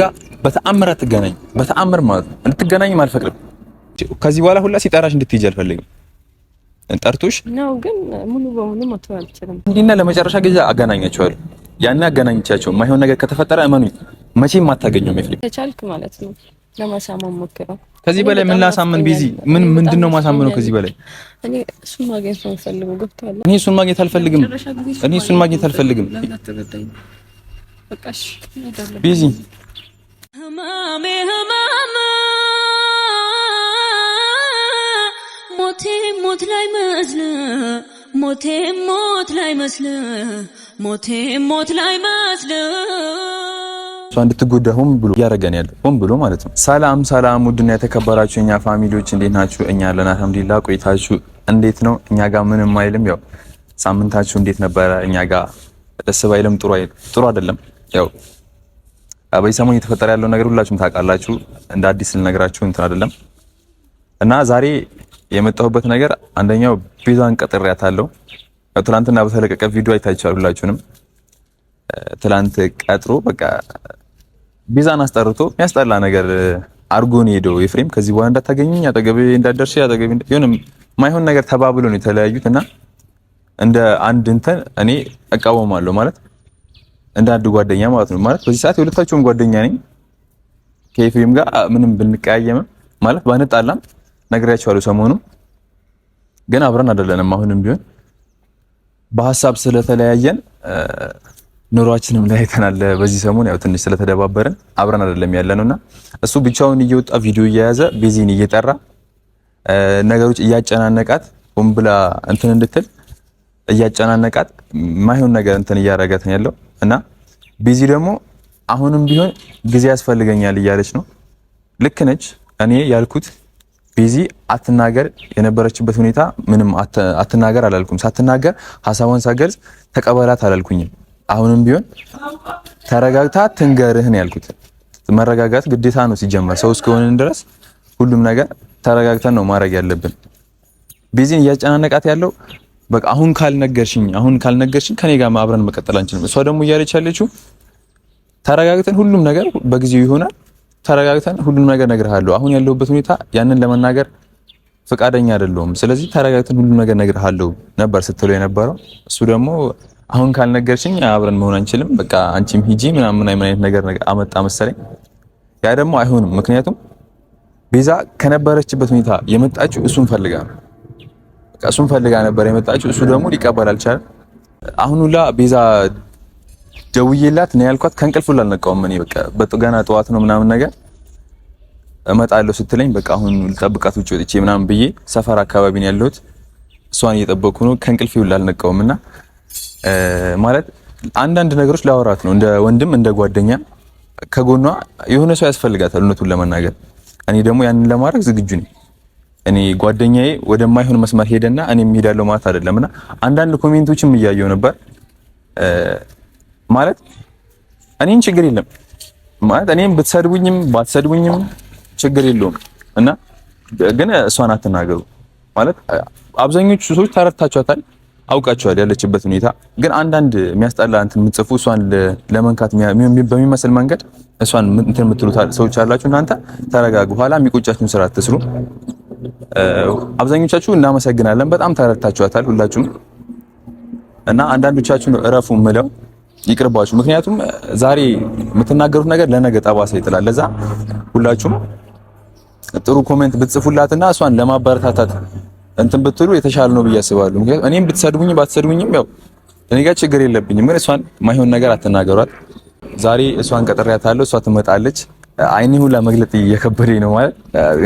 ጋር በተአምር አትገናኝ። በተአምር ማለት ነው እንድትገናኝም አልፈቅድም። ከዚህ በኋላ ሁላ ሲጠራሽ እንድትሄጂ አልፈልግም። ጠርቶሽ ነው ግን ሙሉ በሙሉ መተው አልችልም። እንዲና ለመጨረሻ ጊዜ አገናኛቸዋለሁ። ያኔ አገናኝቻቸው ማይሆን ነገር ከተፈጠረ እመኑኝ መቼም አታገኘውም። ይፈልግ ተቻልክ ማለት ነው ለማሳመን ሞክረው። ከዚህ በላይ ምን ላሳመን? ቢዚ ምን ምንድን ነው ማሳመነው? ከዚህ በላይ እኔ እሱን ማግኘት አልፈልግም። እኔ እሱን ማግኘት አልፈልግም። በቃሽ ቢዚ ህማሜ ሞቴ ሞት ላይ መስል ሞቴ ሞት ላይ መስል ሞቴ ሞት ላይ መስል እሷ እንድትጎዳ ሆን ብሎ እያደረገን ያለ ሆን ብሎ ማለት ነው። ሰላም ሰላም፣ ውድና የተከበራችሁ እኛ ፋሚሊዎች እንዴት ናችሁ? እኛ ያለን አልሐምዱሊላህ። ቆይታችሁ እንዴት ነው? እኛ ጋር ምንም አይልም። ያው ሳምንታችሁ እንዴት ነበረ? እኛ ጋር ደስ ባይልም ጥሩ አይደለም ያው በዚህ ሰሞን እየተፈጠረ ያለውን ነገር ሁላችሁም ታውቃላችሁ። እንደ አዲስ ልነግራችሁ እንትን አይደለም እና ዛሬ የመጣሁበት ነገር አንደኛው ቤዛን ቀጥሬያታለሁ። ትላንትና በተለቀቀ ቪዲዮ አይታችኋል ሁላችሁንም። ትላንት ቀጥሮ በቃ ቤዛን አስጠርቶ የሚያስጠላ ነገር አርጎን ሄደው ኤፍሬም ከዚህ በኋላ እንዳታገኘኝ፣ አጠገቤ እንዳደርሽ፣ አጠገቤ የሆነ ማይሆን ነገር ተባብሎ ነው የተለያዩት እና እንደ አንድ እንትን እኔ እቃወማለሁ ማለት እንደ አንድ ጓደኛ ማለት ነው። ማለት በዚህ ሰዓት ሁለታቸውም ጓደኛ ነኝ። ከኤፍሬም ጋር ምንም ብንቀያየምም ማለት ባንጣላም ነግሬያቸዋለሁ። ሰሞኑ ግን አብረን አይደለንም። አሁንም ቢሆን በሀሳብ ስለተለያየን ኑሯችንም ለያይተናል። በዚህ ሰሞን ያው ትንሽ ስለተደባበርን አብረን አይደለም ያለ እሱ ብቻውን እየወጣ ቪዲዮ እየያዘ ቤዚን እየጠራ ነገሮች እያጨናነቃት ሆን ብላ እንትን እንድትል እያጨናነቃት ማይሆን ነገር እንትን እያረጋት ያለው እና ቢዚ ደግሞ አሁንም ቢሆን ጊዜ ያስፈልገኛል እያለች ነው። ልክ ነች። እኔ ያልኩት ቢዚ አትናገር፣ የነበረችበት ሁኔታ ምንም አትናገር አላልኩም። ሳትናገር ሀሳቧን ሳገልጽ ተቀበላት አላልኩኝም። አሁንም ቢሆን ተረጋግታ ትንገርህ ነው ያልኩት። መረጋጋት ግዴታ ነው ሲጀመር፣ ሰው እስከሆንን ድረስ ሁሉም ነገር ተረጋግተን ነው ማድረግ ያለብን። ቢዚን እያጨናነቃት ያለው በቃ አሁን ካልነገርሽኝ አሁን ካልነገርሽኝ ከኔ ጋር አብረን መቀጠል አንችልም። እሷ ደግሞ እያለች ያለችው ተረጋግተን ሁሉም ነገር በጊዜው ይሆናል፣ ተረጋግተን ሁሉም ነገር እነግርሃለሁ። አሁን ያለሁበት ሁኔታ ያንን ለመናገር ፈቃደኛ አይደለሁም። ስለዚህ ተረጋግተን ሁሉም ነገር እነግርሃለሁ ነበር ስትለው የነበረው እሱ ደግሞ አሁን ካልነገርሽኝ አብረን መሆን አንችልም፣ በቃ አንቺም ሂጂ ምናምን አይነት ነገር አመጣ መሰለኝ። ያ ደግሞ አይሆንም፣ ምክንያቱም ቤዛ ከነበረችበት ሁኔታ የመጣችው እሱን ፈልጋ ነው እሱን ፈልጋ ነበር የመጣችው። እሱ ደግሞ ሊቀበል አልቻለም። አሁን ሁላ ቤዛ ደውዬላት ነው ያልኳት። ከእንቅልፍ ሁላ አልነቃውም እኔ በቃ ገና ጠዋት ነው ምናምን ነገር እመጣለሁ ስትለኝ በቃ አሁን ልጠብቃት ውጭ ወጥቼ ምናምን ብዬ ሰፈር አካባቢ ነው ያለሁት። እሷን እየጠበኩ ነው። ከእንቅልፍ ሁላ አልነቃውም እና ማለት አንዳንድ ነገሮች ላወራት ነው እንደ ወንድም እንደ ጓደኛ ከጎኗ የሆነ ሰው ያስፈልጋታል እውነቱን ለመናገር እኔ ደግሞ ያንን ለማድረግ ዝግጁ ነኝ። እኔ ጓደኛዬ ወደማይሆን መስመር ሄደና እኔ የምሄዳለው ማለት አይደለም። እና አንዳንድ ኮሜንቶችም እያየው ነበር ማለት እኔን ችግር የለም ማለት እኔም ብትሰድቡኝም ባትሰድቡኝም ችግር የለውም። እና ግን እሷን አትናገሩ ማለት አብዛኞቹ ሰዎች ተረድታችኋታል፣ አውቃችኋል ያለችበት ሁኔታ። ግን አንዳንድ የሚያስጠላ እንትን የምትጽፉ እሷን ለመንካት በሚመስል መንገድ እሷን እንትን የምትሉት ሰዎች አላችሁ። እናንተ ተረጋጉ፣ ኋላ የሚቆጫችሁን ስራ አትስሩ። አብዛኞቻችሁ እናመሰግናለን። በጣም ተረድታችኋታል ሁላችሁም እና አንዳንዶቻችሁ ነው እረፉ ምለው ይቅርባችሁ። ምክንያቱም ዛሬ የምትናገሩት ነገር ለነገ ጠባሳ ይጥላል። ለዛ ሁላችሁም ጥሩ ኮሜንት ብትጽፉላትና እሷን ለማበረታታት እንትን ብትሉ የተሻለ ነው ብዬ አስባለሁ። ምክንያቱም እኔም ብትሰድቡኝ ባትሰድቡኝም ያው እኔ ጋር ችግር የለብኝም፣ ግን እሷን ማይሆን ነገር አትናገሯት። ዛሬ እሷን ቀጥሬያታለሁ፣ እሷ ትመጣለች። አይኔ ሁላ መግለጥ እየከበደኝ ነው ማለት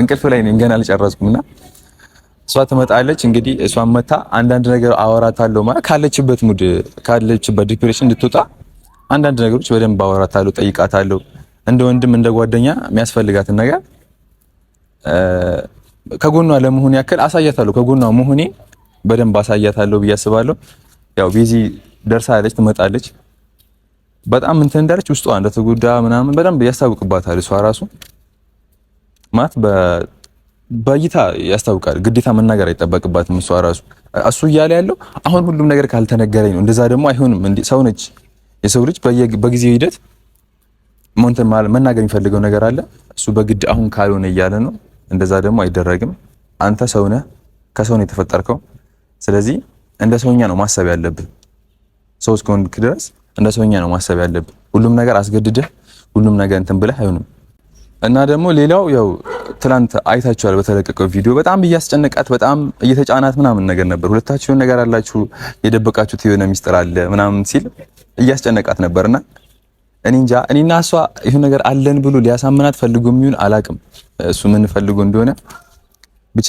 እንቅልፍ ላይ ነኝ፣ ገና አልጨረስኩም እሷ ትመጣለች። እንግዲህ እሷን መታ አንዳንድ ነገር አወራታለሁ ማለት ካለችበት ሙድ ካለችበት ዲፕሬሽን እንድትወጣ አንዳንድ ነገሮች በደንብ አወራታለሁ፣ ጠይቃታለሁ። እንደ ወንድም እንደ ጓደኛ የሚያስፈልጋትን ነገር ከጎኗ ለመሆን ያክል አሳያታለሁ። ከጎኗ መሆኔ በደንብ አሳያታለሁ ብዬ አስባለሁ። ያው ቤዚ ደርሳለች፣ ትመጣለች በጣም እንትን እንዳለች ውስጧ እንደተጎዳ ምናምን በደንብ ያስታውቅባታል። እሷ ራሱ ማለት በእይታ ያስታውቃል። ግዴታ መናገር አይጠበቅባትም። እሷ ራሱ እሱ እያለ ያለው አሁን ሁሉም ነገር ካልተነገረኝ ነው። እንደዛ ደግሞ አይሆንም። ሰው ነች። የሰው ልጅ በጊዜው ሂደት መናገር የሚፈልገው ነገር አለ። እሱ በግድ አሁን ካልሆነ እያለ ነው። እንደዛ ደግሞ አይደረግም። አንተ ሰው ነህ፣ ከሰው ነው የተፈጠርከው። ስለዚህ እንደ ሰውኛ ነው ማሰብ ያለብህ ሰው እስከሆንክ ድረስ እንደ ሰውኛ ነው ማሰብ ያለብን። ሁሉም ነገር አስገድደህ ሁሉም ነገር እንትን ብለህ አይሆንም። እና ደግሞ ሌላው ያው ትናንት አይታችኋል በተለቀቀው ቪዲዮ በጣም እያስጨነቃት በጣም እየተጫናት ምናምን ነገር ነበር። ሁለታችሁ የሆነ ነገር አላችሁ፣ የደበቃችሁት የሆነ ሚስጥር አለ ምናምን ሲል እያስጨነቃት ነበርና እኔ እንጃ እኔና እሷ ይሁን ነገር አለን ብሎ ሊያሳምናት ፈልጎ የሚሆን አላቅም። እሱ ምን ፈልጎ እንደሆነ ብቻ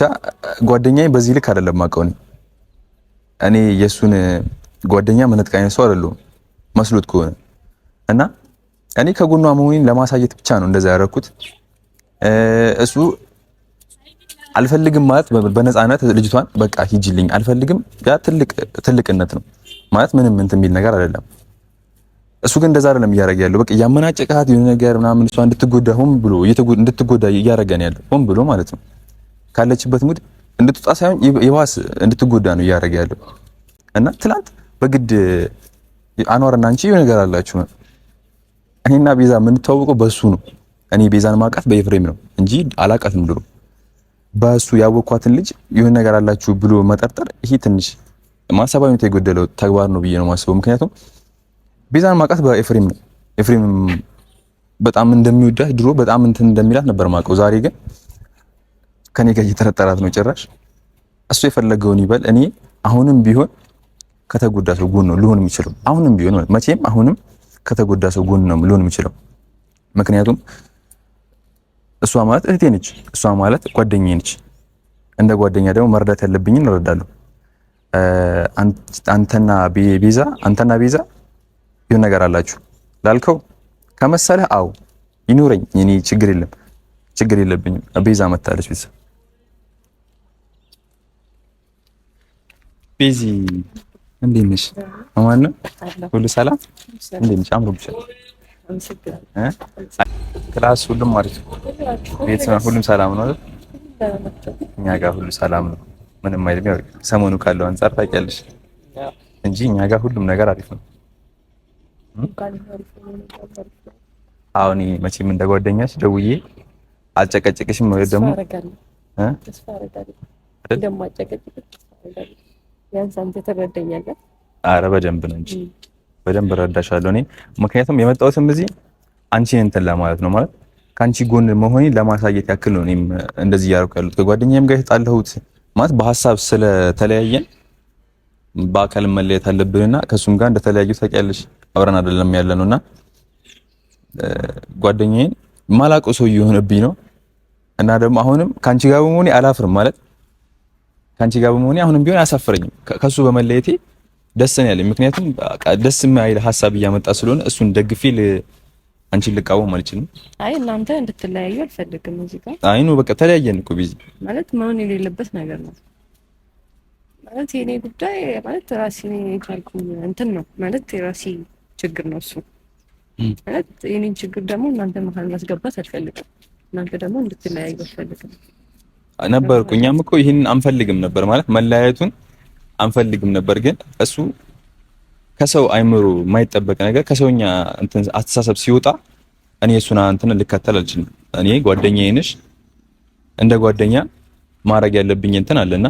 ጓደኛዬ በዚህ ልክ አይደለም አቀውኝ እኔ የሱን ጓደኛ መነጥቃኝ ሰው አይደለሁም። መስሎት ከሆነ እና እኔ ከጎኗ መሆኔን ለማሳየት ብቻ ነው እንደዛ ያደረኩት። እሱ አልፈልግም ማለት በነፃነት ልጅቷን በቃ ሂጂልኝ አልፈልግም፣ ያ ትልቅ ትልቅነት ነው ማለት ምንም እንትን የሚል ነገር አይደለም። እሱ ግን እንደዛ አይደለም እያደረገ ያለው። በቃ ያመናጨቃት የሆነ ነገር ምናምን እሷ እንድትጎዳ ሆን ብሎ እንድትጎዳ እያደረገ ነው ያለው፣ ሆን ብሎ ማለት ነው። ካለችበት ሙድ እንድትወጣ ሳይሆን የባስ እንድትጎዳ ነው እያደረገ ያለው እና ትላንት በግድ አኗር እና ይሄ ነገር አላችሁ። እኔና ቤዛ የምንተዋወቀው በሱ ነው። እኔ ቤዛን ማውቃት በኤፍሬም ነው እንጂ አላውቃትም ድሮ። በሱ ያወኳትን ልጅ የሆነ ነገር አላችሁ ብሎ መጠርጠር ይሄ ትንሽ ማሰባዊነት የጎደለው ተግባር ነው ብዬ ነው ማስበው። ምክንያቱም ቤዛን ማውቃት በኤፍሬም ነው። ኤፍሬም በጣም እንደሚወዳት ድሮ በጣም እንትን እንደሚላት ነበር ማውቀው። ዛሬ ግን ከኔ ጋር እየተረጠራት ነው ጭራሽ። እሱ የፈለገውን ይበል። እኔ አሁንም ቢሆን ከተጎዳ ሰው ጎን ነው ልሆን የሚችለው። አሁንም ቢሆን መቼም አሁንም ከተጎዳ ሰው ጎን ነው ልሆን የሚችለው። ምክንያቱም እሷ ማለት እህቴ ነች፣ እሷ ማለት ጓደኛዬ ነች። እንደ ጓደኛ ደግሞ መረዳት ያለብኝን እረዳለሁ። አንተና ቤዛ አንተና ቤዛ ይሁን ነገር አላችሁ ላልከው ከመሰለህ አው ይኑረኝ፣ እኔ ችግር የለም ችግር የለብኝም። ቤዛ መታለች ቤተሰብ ቤዚ እንዴት ነሽ? አማን ነው ሁሉ ሰላም? እንዴት ነሽ? አምሮብሻል። ክላስ ሁሉም አሪፍ ቤት ሁሉም ሰላም ነው አይደል? እኛ ጋር ሁሉ ሰላም ነው ምንም አይደለም። ያው ሰሞኑ ካለው አንጻር ታውቂያለሽ እንጂ እኛ ጋር ሁሉም ነገር አሪፍ ነው። አሁን መቼም እንደ ጓደኛሽ ደውዬ አልጨቀጨቅሽም ወይ ደግሞ ቢያንስ አንተ ትረዳኛለህ። አረ በደንብ ነው እንጂ በደንብ እረዳሻለሁ እኔ ምክንያቱም የመጣሁትም እዚህ አንቺን እንትን ለማለት ነው ማለት ከአንቺ ጎን መሆኔ ለማሳየት ያክል ነው። እኔም እንደዚህ እያደረኩ ያሉት ከጓደኛዬም ጋር የተጣላሁት ማለት በሀሳብ ስለተለያየን በአካል መለየት አለብንና ከእሱም ጋር እንደተለያዩ ታውቂያለሽ። አብረን አይደለም ያለ ነው እና ጓደኛዬን ማላውቀው ሰው የሆነብኝ ነው እና ደግሞ አሁንም ከአንቺ ጋር በመሆኔ አላፍርም ማለት ከአንቺ ጋር በመሆኔ አሁንም ቢሆን አያሳፍረኝም። ከሱ በመለየቴ ደስ ነው ያለኝ። ምክንያቱም ደስ የማይል ሀሳብ እያመጣ ስለሆነ እሱን ደግፌ አንቺን ልቃወም አልችልም። አይ እናንተ እንድትለያዩ አልፈልግም። እዚህ ጋር አይ ነው በቃ ተለያየን እኮ ቢዚ ማለት መሆን የሌለበት ነገር ነው ማለት የኔ ጉዳይ ማለት ራሴ ካልኩ እንትን ነው ማለት የራሴ ችግር ነው እሱ ማለት የኔን ችግር ደግሞ እናንተ መሀል ማስገባት አልፈልግም። እናንተ ደግሞ እንድትለያዩ አልፈልግም። ነበርኩ። እኛም እኮ ይህን አንፈልግም ነበር ማለት መለያየቱን አንፈልግም ነበር፣ ግን እሱ ከሰው አይምሮ የማይጠበቅ ነገር ከሰውኛ እንትን አስተሳሰብ ሲወጣ እኔ እሱን እንትን ልከተል አልችልም። እኔ ጓደኛዬ ነሽ እንደ ጓደኛ ማድረግ ያለብኝ እንትን አለና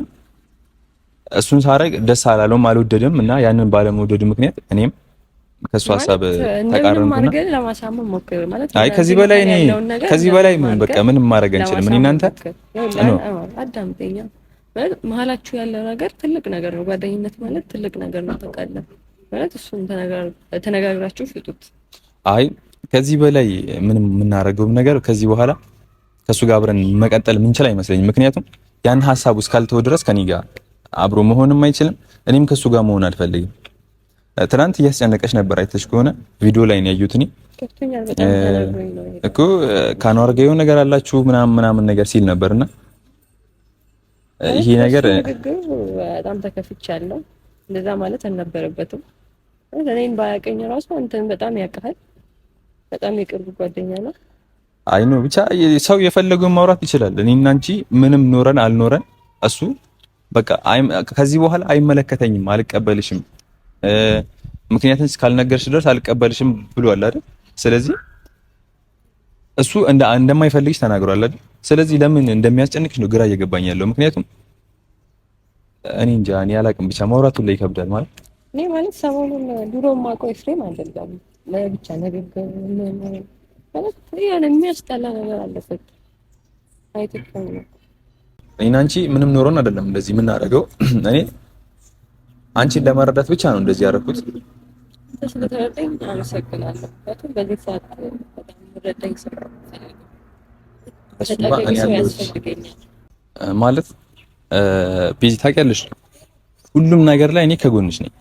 እሱን ሳረግ ደስ አላለውም፣ አልወደደም እና ያንን ባለመውደዱ ምክንያት እኔም ከሱ ሀሳብ ተቃረምኩና ለማሳመን አይ ከዚህ በላይ እኔ ከዚህ በላይ ምን በቃ ምንም ማድረግ አንችልም። እኔ እናንተ አዳምጠኛ መሀላችሁ ያለ ነገር ትልቅ ነገር ነው። ጓደኝነት ማለት ትልቅ ነገር ነው። ታውቃለህ ማለት እሱን ተነጋግራችሁ ፍጡት። አይ ከዚህ በላይ ምንም የምናደርገውም ነገር ከዚህ በኋላ ከእሱ ጋር አብረን መቀጠል ምንችል አይመስለኝም። ምክንያቱም ያን ሀሳብ ውስጥ ድረስ ከኔ ጋር አብሮ መሆንም አይችልም። እኔም ከእሱ ጋር መሆን አልፈልግም። ትናንት እያስጨነቀች ነበር። አይተሽ ከሆነ ቪዲዮ ላይ ነው ያዩት። እኔ እኮ ከአኗር ጋር የሆነ ነገር አላችሁ ምናምን ምናምን ነገር ሲል ነበርና ይሄ ነገር በጣም ተከፍቻለሁ። እንደዛ ማለት አልነበረበትም። እኔን ባያቀኝ ራሱ አንተን በጣም ያቀፋል። በጣም የቅርብ ጓደኛ ነው። አይ ነው ብቻ ሰው የፈለገውን ማውራት ይችላል። እኔ እና አንቺ ምንም ኖረን አልኖረን እሱ በቃ ከዚህ በኋላ አይመለከተኝም፣ አልቀበልሽም ምክንያትን እስካልነገርሽ ድረስ አልቀበልሽም ብሏል አይደል? ስለዚህ እሱ እንደ እንደማይፈልግሽ ተናግሯል አይደል? ስለዚህ ለምን እንደሚያስጨንቅሽ ነው ግራ እየገባኝ ያለው። ምክንያቱም እኔ እንጃ እኔ አላቅም ብቻ ማውራቱ ላይ ይከብዳል ማለት እኔ ማለት ሰሞኑን ድሮ የማውቀው ኤፍሬም አይደለም ለብቻ ንግግር ማለት ያን የሚያስጠላ ነገር አለበት አይተከም እኔና አንቺ ምንም ኖሮን አይደለም እንደዚህ የምናደርገው እኔ አንቺን ለመረዳት ብቻ ነው እንደዚህ ያደረኩት። ማለት ቤዚ ታውቂያለሽ፣ ሁሉም ነገር ላይ እኔ ከጎንሽ ነኝ።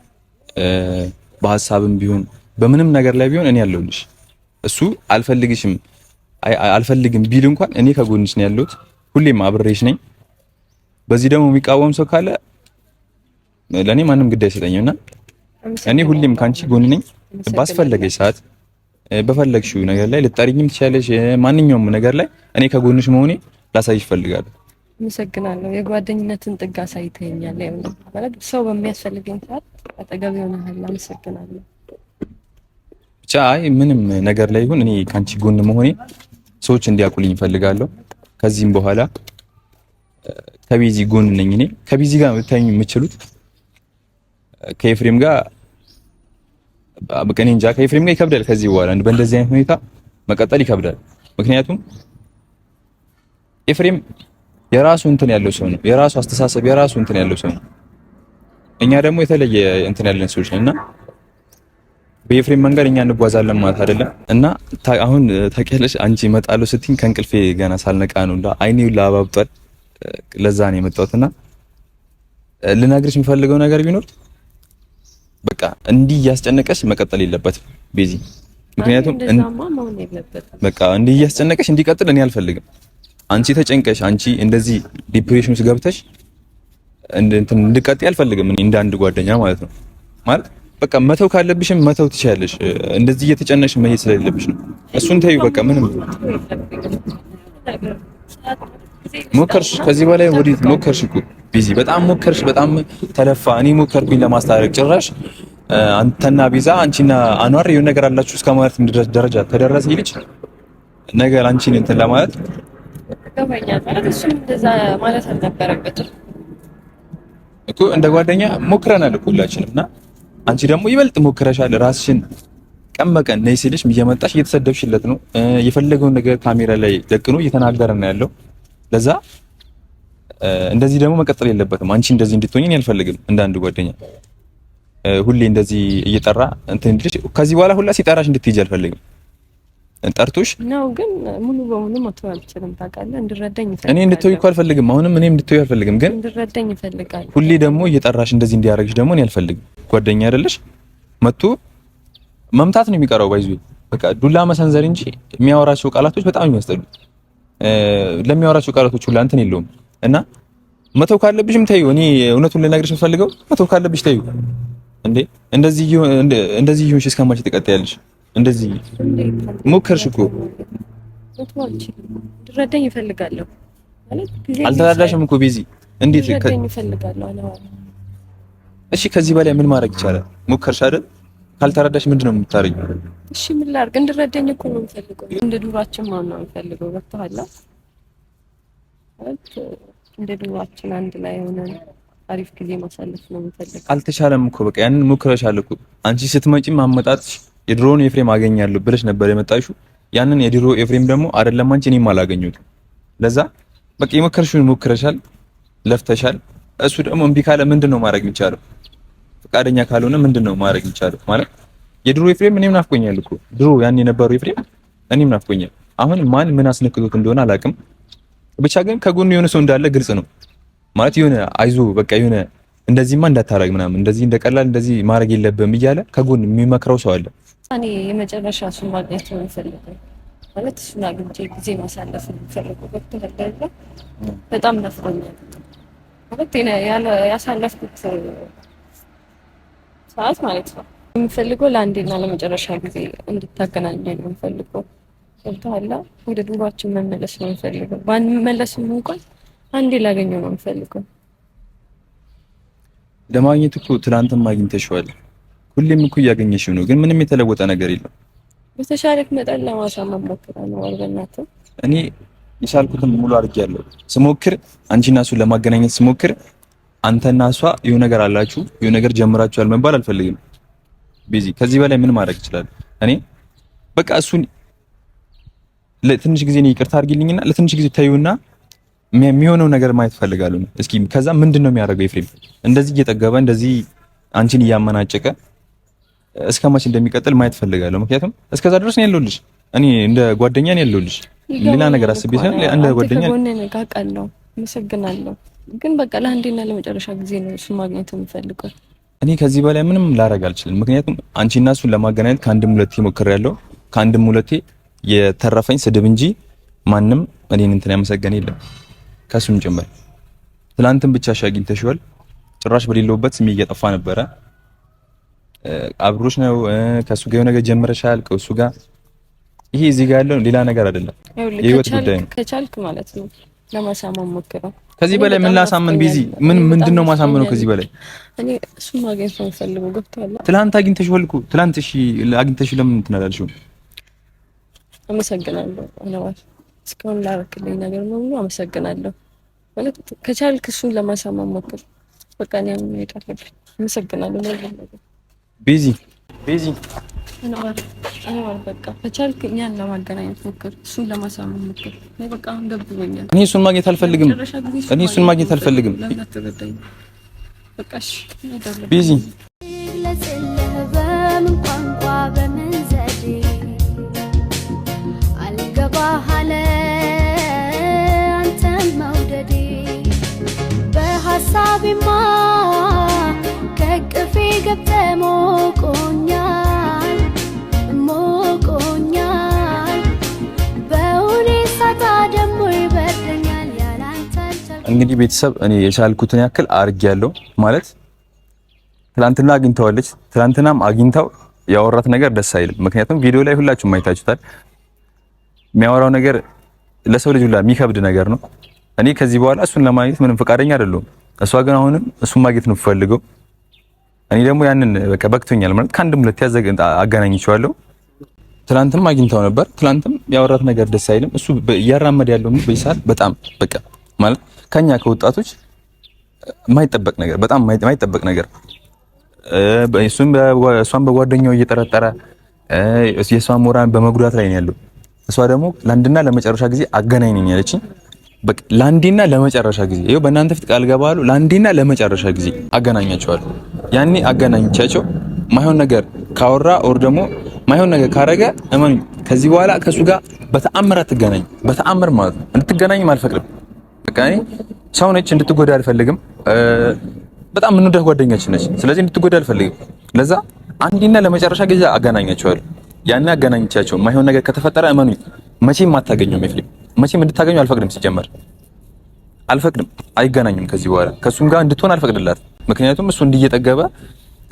በሀሳብም ቢሆን በምንም ነገር ላይ ቢሆን እኔ ያለሁልሽ። እሱ አልፈልግሽም አልፈልግም ቢል እንኳን እኔ ከጎንሽ ነኝ ያለሁት፣ ሁሌም አብሬሽ ነኝ። በዚህ ደግሞ የሚቃወም ሰው ካለ ለእኔ ማንም ግድ አይሰጠኝም እና እኔ ሁሌም ከአንቺ ጎን ነኝ። ባስፈለገሽ ሰዓት በፈለግሽው ነገር ላይ ልጠሪኝም ትችላለሽ። ማንኛውም ነገር ላይ እኔ ከጎንሽ መሆኔ ላሳይሽ ፈልጋለሁ። አመሰግናለሁ። የጓደኝነትን ጥግ አሳይተኸኛል። ማለት ሰው በሚያስፈልገኝ ሰዓት አጠገብ ይሆናል። አመሰግናለሁ። ብቻ አይ ምንም ነገር ላይ ይሁን እኔ ከአንቺ ጎን መሆኔ ሰዎች እንዲያውቁልኝ እፈልጋለሁ። ከዚህም በኋላ ከቤዚ ጎን ነኝ እኔ ከቤዚ ጋር ልታዩኝ የምችሉት ከኤፍሬም ጋር በቃ እንጃ ከኤፍሬም ጋር ይከብዳል። ከዚህ በኋላ በእንደዚህ አይነት ሁኔታ መቀጠል ይከብዳል። ምክንያቱም ኤፍሬም የራሱ እንትን ያለው ሰው ነው። የራሱ አስተሳሰብ፣ የራሱ እንትን ያለው ሰው ነው። እኛ ደግሞ የተለየ እንትን ያለን ሰዎች ነን እና በኤፍሬም መንገድ እኛ እንጓዛለን ማለት አይደለም እና አሁን ታውቂያለሽ፣ አንቺ እመጣለሁ ስትኝ ከእንቅልፌ ገና ሳልነቃ ነው እንዳ አይኔ ላባብጧል። ለዛ ነው የመጣሁት እና ልነግርሽ የምፈልገው ነገር ቢኖር በቃ እንዲህ እያስጨነቀሽ መቀጠል የለበትም ቤዚ። ምክንያቱም በቃ እንዲህ እያስጨነቀሽ እንዲቀጥል እኔ አልፈልግም። አንቺ ተጨንቀሽ አንቺ እንደዚህ ዲፕሬሽን ውስጥ ገብተሽ እንትን እንድትቀጥይ አልፈልግም እኔ እንደ አንድ ጓደኛ ማለት ነው። ማለት በቃ መተው ካለብሽም መተው ትችያለሽ። እንደዚህ እየተጨነሽ መሄድ ስለሌለብሽ ነው። እሱን ተይው በቃ ምንም ሞከርሽ፣ ከዚህ በላይ ወዴት ሞከርሽ? እኮ ቢዚ በጣም ሞከርሽ፣ በጣም ተለፋ። እኔ ሞከርኩኝ ለማስታረቅ ጭራሽ አንተና ቤዛ አንቺና አኗር የሆነ ነገር አላችሁ እስከ ማለት ደረጃ ተደረሰ። ይልች ነገር አንቺን እንትን ለማለት ገባኛል ማለት እሱም እንደዛ እኮ እንደ ጓደኛ ሞክረናል ሁላችንም። እና አንቺ ደግሞ ይበልጥ ሞክረሻል። ራስሽን ቀን በቀን ነይ ሲልሽ እየመጣሽ እየተሰደብሽለት ነው። የፈለገውን ነገር ካሜራ ላይ ደቅኖ እየተናገረ ነው ያለው ለዛ እንደዚህ ደግሞ መቀጠል የለበትም። አንቺ እንደዚህ እንድትሆኝ እኔ አልፈልግም። እንደ አንድ ጓደኛ ሁሌ እንደዚህ እየጠራ እንትን እንድልሽ ከዚህ በኋላ ሁላ ሲጠራሽ እንድትሄጂ አልፈልግም። ጠርቶሽ ነው ግን ሙሉ በሙሉ መተው አልችልም። ታውቃለህ፣ እንድረዳኝ ይፈልጋል። እኔ እንድትወይ እኮ አልፈልግም። አሁንም እኔም እንድትወይ አልፈልግም፣ ግን እንድረዳኝ ይፈልጋል። ሁሌ ደግሞ እየጠራሽ እንደዚህ እንዲያደርግሽ ደግሞ እኔ አልፈልግም። ጓደኛ አይደለሽ? መጥቶ መምታት ነው የሚቀረው። ባይዙ በቃ ዱላ መሰንዘር እንጂ የሚያወራቸው ቃላቶች በጣም ይመስጠሉ። ለሚያወራቸው ቃላቶች ሁሉ እንትን የለውም እና መተው ካለብሽም ታዩ። እኔ እውነቱን ልነግርሽ የምፈልገው መተው ካለብሽ ታዩ። እንዴ እንደዚህ እንደዚህ ይሁን ይሁንሽ እስከማች ትቀጣያለሽ። እንደዚህ ሞከርሽ እኮ ልትረዳኝ እፈልጋለሁ። አልተረዳሽም እኮ ቤዚ። እንዴት እሺ፣ ከዚህ በላይ ምን ማድረግ ይቻላል? ሞከርሽ አይደል? ካልተረዳሽ ምንድን ነው የምታደርጊው? እሺ ምን ላድርግ? እንድረዳኝ እኮ ነው የምፈልገው። እንደ ዱሯችን ማን ነው የምፈልገው? ወጥቷላ እንደ ዱሯችን አንድ ላይ ሆነን አሪፍ ጊዜ ማሳለፍ ነው የምፈልገው። አልተቻለም እኮ በቃ ያንን ሞክረሻል እኮ አንቺ ስትመጪም አመጣጥ የድሮውን ኤፍሬም አገኛለሁ ብለሽ ነበር የመጣሽው። ያንን የድሮ ኤፍሬም ደግሞ አይደለም አንቺ እኔም አላገኘሁትም። ለዛ በቃ የሞከርሽውን ሞክረሻል፣ ለፍተሻል። እሱ ደግሞ እምቢ ካለ ምንድን ነው ማድረግ የሚቻለው? ፈቃደኛ ካልሆነ ምንድን ነው ማድረግ ይቻላል? ማለት የድሮ ኤፍሬም እኔም ናፍቆኛል እኮ ድሮ ያን የነበረው ኤፍሬም እኔም ናፍቆኛል። አሁን ማን ምን አስነክቶት እንደሆነ አላውቅም፣ ብቻ ግን ከጎኑ የሆነ ሰው እንዳለ ግልጽ ነው። ማለት የሆነ አይዞ በቃ የሆነ እንደዚህማ እንዳታረግ ምናምን እንደዚህ እንደቀላል እንደዚህ ማድረግ የለብህም እያለ ከጎን የሚመክረው ሰው አለ። እኔ የመጨረሻ እሱን ማግኘት ነው የምፈልገው ማለት እሱን አግኝቼ ጊዜ ማሳለፍ ነው የምፈልገው። በጣም ነፍሮኛል ማለት ያሳለፍኩት ሰዓት ማለት ነው የምፈልገው ለአንዴና ለመጨረሻ ጊዜ ነው የምፈልገው ገብቶሃል። ወደ ድሯችን መመለስ ነው የምፈልገው። ባንመለስም እንኳን አንዴ ላገኘው ነው የምፈልገው። ለማግኘት እኮ ትናንትም አግኝተሽዋል። ሁሌም እኮ እያገኘሽው ነው፣ ግን ምንም የተለወጠ ነገር የለም። በተሻለክ መጠን ለማሳመን ሞክራለሁ። አልበናትም እኔ የቻልኩትን ሙሉ አድርጌያለሁ። ስሞክር አንቺና ናሱ ለማገናኘት ስሞክር አንተና እሷ የሆነ ነገር አላችሁ የሆነ ነገር ጀምራችኋል መባል አልፈልግም። ቢዚ ከዚህ በላይ ምን ማድረግ ይችላል? እኔ በቃ እሱን ለትንሽ ጊዜ ነው ይቅርታ አድርጊልኝና ለትንሽ ጊዜ ተዩና የሚሆነው ነገር ማየት ፈልጋለሁ። እስኪ ከዛ ምንድን ነው የሚያደርገው? ኤፍሬም እንደዚህ እየጠገበ እንደዚህ አንቺን እያመናጨቀ እስከ መቼ እንደሚቀጥል ማየት ፈልጋለሁ። ምክንያቱም እስከዛ ድረስ ነው ያለሁልሽ እኔ እንደ ጓደኛ ነው ያለሁልሽ። ሌላ ነገር አስቤ ሳይሆን እንደ ጓደኛ ነው። አመሰግናለሁ። ግን በቃ ለአንዴና ለመጨረሻ ጊዜ ነው እሱን ማግኘት የምፈልገው። እኔ ከዚህ በላይ ምንም ላደርግ አልችልም። ምክንያቱም አንቺና እሱን ለማገናኘት ከአንድም ሁለቴ ሞክሬያለሁ። ከአንድም ሁለቴ የተረፈኝ ስድብ እንጂ ማንም እኔን እንትን ያመሰገን የለም ከሱም ጭምር። ትላንትም ብቻሽ ተሽዋል። ጭራሽ በሌለውበት ስሜ እየጠፋ ነበረ። አብሮሽ ነው ከሱ ጋር የሆነ ነገር ጀምረሻል ከሱ ጋር። ይሄ እዚህ ጋር ያለው ሌላ ነገር አይደለም፣ የህይወት ጉዳይ ነው። ከቻልክ ማለት ነው ለማሳመን ሞክረው። ከዚህ በላይ ምን ላሳመን? ቢዚ ምን ምንድን ነው ማሳመነው? ከዚህ በላይ እኔ እሱም አግኝተሽ ፈልጉ ገብቷል። ትላንት አግኝተሽ ወልኩ ትላንት እሺ፣ አግኝተሽ ለምን እንትን አላልሽውም? አመሰግናለሁ ነዋል። እስካሁን ላደረክልኝ ነገር ነው ነው አመሰግናለሁ። ማለት ከቻልክ እሱን ለማሳመን ሞክር። በቃ እኔ አሁን እሄዳለሁ። አመሰግናለሁ። ቢዚ ቢዚ እኛን ለማገናኘት ሞክር፣ እሱን ለማሳመን ሞክር። እኔ እሱን ማግኘት አልፈልግም። እኔ እሱን ማግኘት አልፈልግም። ቢዚ በምን ቋንቋ በምን ዘዴ አልገባህ አለ አንተን መውደዴ ከቅፌ ገብተህ እንግዲህ ቤተሰብ እኔ የቻልኩትን ያክል አድርጌያለሁ ማለት ትላንትና አግኝተዋለች። ትላንትናም አግኝታው ያወራት ነገር ደስ አይልም። ምክንያቱም ቪዲዮ ላይ ሁላችሁም አይታችሁታል። የሚያወራው ነገር ለሰው ልጅ ሁላ የሚከብድ ነገር ነው። እኔ ከዚህ በኋላ እሱን ለማግኘት ምንም ፈቃደኛ አይደለሁም። እሷ ግን አሁንም እሱን ማግኘት ነው ፈልገው። እኔ ደግሞ ያንን በቃ በቅቶኛል ማለት ከአንድም ሁለት ያዘገ አገናኝቼዋለሁ። ትላንትም አግኝታው ነበር። ትላንትም ያወራት ነገር ደስ አይልም። እሱ እያራመድ ያለው በዚህ ሰዓት በጣም በቃ ማለት ከኛ ከወጣቶች የማይጠበቅ ነገር በጣም የማይጠበቅ ነገር እሷን በጓደኛው እየጠረጠረ የእሷን ሞራን በመጉዳት ላይ ነው ያለው። እሷ ደግሞ ለአንድና ለመጨረሻ ጊዜ አገናኝ ነኝ ያለችኝ። በቃ ለአንዴና ለመጨረሻ ጊዜ ይኸው በእናንተ ፊት ቃል ገባሉ። ለአንዴና ለመጨረሻ ጊዜ አገናኛቸዋለሁ። ያኔ አገናኝቻቸው ማይሆን ነገር ካወራ ኦር ደግሞ ማይሆን ነገር ካረገ እመን ከዚህ በኋላ ከእሱ ጋር በተአምር አትገናኝ። በተአምር ማለት ነው እንድትገናኝም አልፈቅድም። በቃ እኔ ሰው ነች፣ እንድትጎዳ አልፈልግም። በጣም የምንወዳት ጓደኛችን ነች። ስለዚህ እንድትጎዳ አልፈልግም። ለዛ አንዴና ለመጨረሻ ጊዜ አገናኛቸዋል። ያኔ አገናኝቻቸው ማይሆን ነገር ከተፈጠረ እመኑኝ መቼም አታገኙም። ኤፍሬም መቼም እንድታገኙ አልፈቅድም። ሲጀመር አልፈቅድም። አይገናኙም ከዚህ በኋላ ከሱም ጋር እንድትሆን አልፈቅድላት። ምክንያቱም እሱ እንዲየጠገበ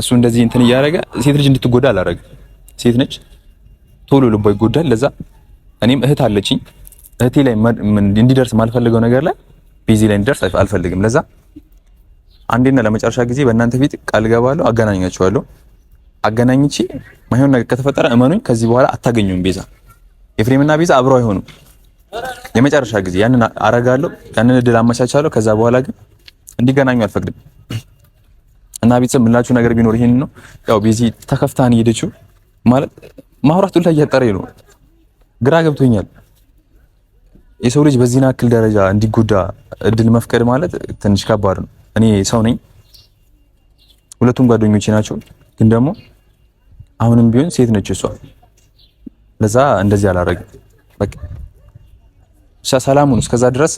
እሱ እንደዚህ እንትን እያደረገ ሴት ልጅ እንድትጎዳ አላረግም። ሴት ነች፣ ቶሎ ልቧ ይጎዳል። ለዛ እኔም እህት አለችኝ እህቴ ላይ እንዲደርስ ማልፈልገው ነገር ላይ ቢዚ ላይ እንዲደርስ አልፈልግም። ለዛ አንዴና ለመጨረሻ ጊዜ በእናንተ ፊት ቃል ገባለሁ፣ አገናኛችኋለሁ። አገናኝቺ ማይሆን ነገር ከተፈጠረ እመኑኝ፣ ከዚህ በኋላ አታገኙም። ቤዛ ኤፍሬምና ቤዛ አብረው አይሆኑም። የመጨረሻ ጊዜ ያንን አረጋለሁ፣ ያንን እድል አመቻቻለሁ። ከዛ በኋላ ግን እንዲገናኙ አልፈቅድም። እና ቤተሰብ የምላችሁ ነገር ቢኖር ይሄን ነው። ያው ቤዚ ተከፍታን ሄደችው ማለት ማውራቱን ላይ እያጠረኝ ነው፣ ግራ ገብቶኛል። የሰው ልጅ በዚህን አክል ደረጃ እንዲጎዳ እድል መፍቀድ ማለት ትንሽ ከባድ ነው። እኔ ሰው ነኝ፣ ሁለቱም ጓደኞቼ ናቸው። ግን ደግሞ አሁንም ቢሆን ሴት ነች እሷ። ለዛ እንደዚህ አላረግም። በቃ ሰላሙን እስከዛ ድረስ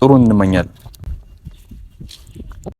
ጥሩ እንመኛለን።